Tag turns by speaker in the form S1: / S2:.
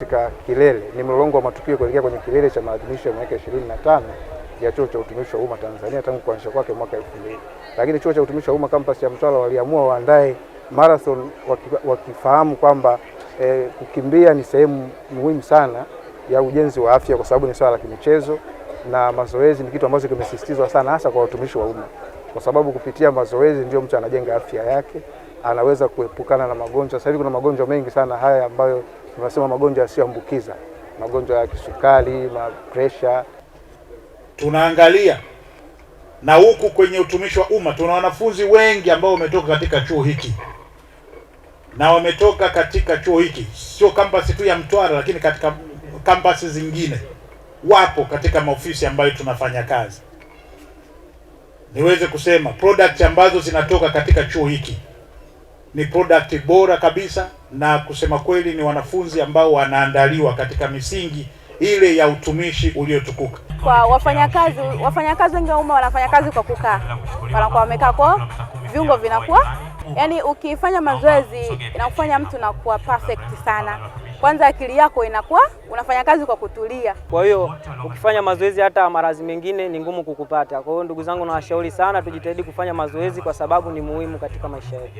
S1: Katika kilele ni mlolongo wa matukio kuelekea kwenye kilele cha maadhimisho ya miaka 25 ya Chuo cha Utumishi wa Umma Tanzania tangu kuanzishwa kwake mwaka 2000. Lakini Chuo cha Utumishi wa Umma kampasi ya Mtwara waliamua waandae marathon wakifahamu kwamba eh, kukimbia ni sehemu muhimu sana ya ujenzi wa afya kwa sababu ni swala la kimichezo na mazoezi ni kitu ambacho kimesisitizwa sana hasa kwa watumishi wa umma kwa sababu kupitia mazoezi ndio mtu anajenga afya yake anaweza kuepukana na magonjwa. Sasa hivi kuna magonjwa mengi sana haya ambayo tunasema magonjwa yasiyoambukiza, magonjwa ya kisukari, mapresha.
S2: Tunaangalia na huku kwenye utumishi wa umma, tuna wanafunzi wengi ambao wametoka katika chuo hiki na wametoka katika chuo hiki, sio kampasi tu ya Mtwara, lakini katika kampasi zingine wapo katika maofisi ambayo tunafanya kazi. Niweze kusema product ambazo zinatoka katika chuo hiki ni product bora kabisa, na kusema kweli ni wanafunzi ambao wanaandaliwa katika misingi ile ya utumishi uliotukuka.
S3: Kwa wafanyakazi, wafanyakazi wengi wa umma wanafanya kazi kwa kukaa, wanakuwa wamekaa kwa viungo vinakuwa yani, ukifanya mazoezi na kufanya mtu nakuwa perfect sana. Kwanza akili yako inakuwa unafanya kazi kwa kutulia,
S4: kwa hiyo ukifanya mazoezi hata maradhi mengine ni ngumu kukupata. Kwa hiyo ndugu zangu, nawashauri sana tujitahidi kufanya mazoezi kwa sababu ni muhimu katika maisha yetu.